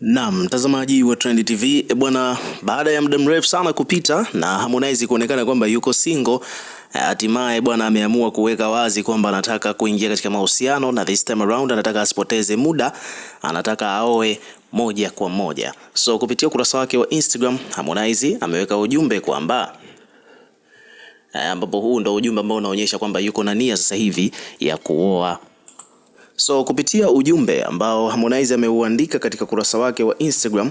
Na mtazamaji wa Trend TV e bwana, baada ya muda mrefu sana kupita na Harmonize kuonekana kwamba yuko single, e, hatimaye bwana ameamua kuweka wazi kwamba anataka kuingia katika mahusiano, na this time around anataka asipoteze muda, anataka aoe moja kwa moja. So kupitia ukurasa wake wa Instagram, Harmonize ameweka ujumbe kwamba e, ambapo huu ndo ujumbe ambao unaonyesha kwamba yuko na nia sasa hivi ya kuoa So kupitia ujumbe ambao Harmonize ameuandika katika kurasa wake wa Instagram,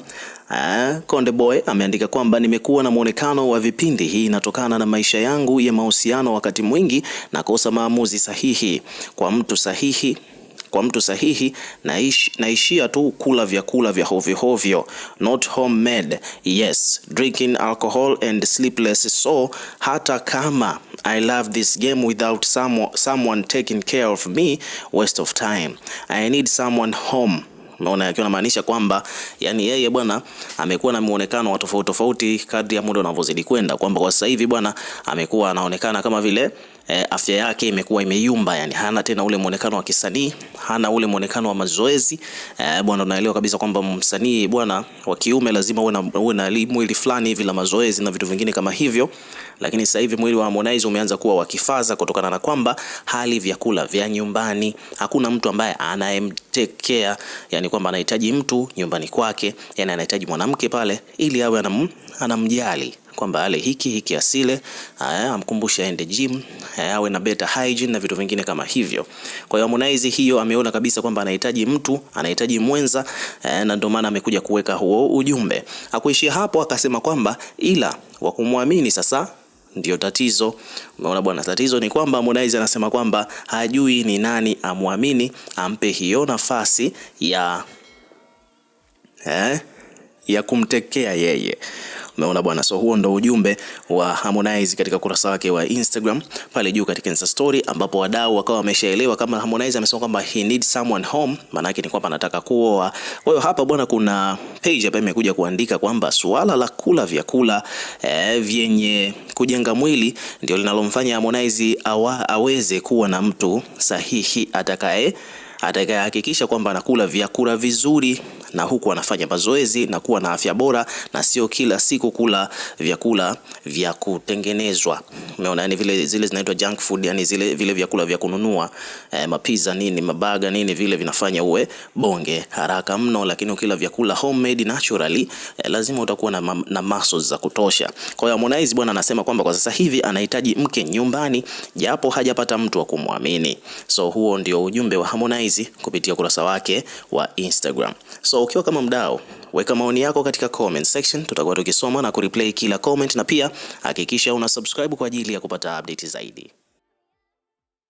eh, Konde Boy ameandika kwamba nimekuwa na mwonekano wa vipindi. Hii inatokana na maisha yangu ya mahusiano, wakati mwingi nakosa maamuzi sahihi kwa mtu sahihi kwa mtu sahihi naish, naishia tu kula vyakula vya hovyo hovyo, not homemade, yes drinking alcohol and sleepless, so hata kama I love this game without someone, someone taking care of me waste of time. I need someone home. Umeona, akiwa anamaanisha kwamba yani yeye bwana amekuwa na muonekano wa tofauti tofauti kadri ya muda unavyozidi kwenda, kwamba kwa sasa hivi bwana amekuwa anaonekana kama vile eh, afya yake imekuwa imeyumba, yani hana tena ule mwonekano wa kisanii, hana ule mwonekano wa mazoezi eh, bwana, unaelewa kabisa kwamba msanii bwana wa kiume lazima uwe na uwe na mwili fulani hivi la mazoezi na vitu vingine kama hivyo, lakini sasa hivi mwili wa Harmonize umeanza kuwa wa kifaza kutokana na kwamba hali vyakula vya nyumbani, hakuna mtu ambaye anayemtekea, yani kwamba anahitaji mtu nyumbani kwake, yani anahitaji mwanamke pale ili awe anam, anamjali kwamba ale hiki hiki asile, amkumbushe aende gym, awe na better hygiene na vitu vingine kama hivyo. Kwa hiyo Harmonize hiyo ameona kabisa kwamba anahitaji mtu, anahitaji mwenza na ndio maana amekuja kuweka huo ujumbe. akuishia hapo, akasema kwamba ila wa kumwamini sasa ndio tatizo. Umeona bwana, tatizo ni kwamba Harmonize anasema kwamba hajui ni nani amwamini, ampe hiyo nafasi ya eh, ya kumtekea yeye. Umeona bwana, so huo ndo ujumbe wa Harmonize katika kurasa wake wa Instagram pale juu katika Insta story, ambapo wadau wakawa wameshaelewa kama Harmonize amesema kwamba he need someone home, maana yake ni kwamba anataka kuoa. Kwa hiyo hapa bwana, kuna page hapa imekuja kuandika kwamba suala la kula vyakula eh, vyenye kujenga mwili ndio linalomfanya Harmonize awa, aweze kuwa na mtu sahihi atakaye atakayehakikisha kwamba anakula vyakula vizuri na huku anafanya mazoezi na kuwa na afya bora na sio kila siku kula vyakula vya kutengenezwa. Umeona, yani vile zile zinaitwa junk food, yani zile vile vyakula vya kununua eh, mapiza nini, mabaga nini, vile vinafanya uwe bonge haraka mno, lakini ukila vyakula homemade naturally eh, lazima utakuwa na, na muscles za kutosha. Kwa hiyo Harmonize bwana anasema kwamba kwa sasa hivi anahitaji mke nyumbani japo hajapata mtu wa kumwamini. So huo ndio ujumbe wa Harmonize kupitia ukurasa wake wa Instagram. So, So ukiwa kama mdau, weka maoni yako katika comment section, tutakuwa tukisoma na kureplay kila comment, na pia hakikisha una subscribe kwa ajili ya kupata update zaidi.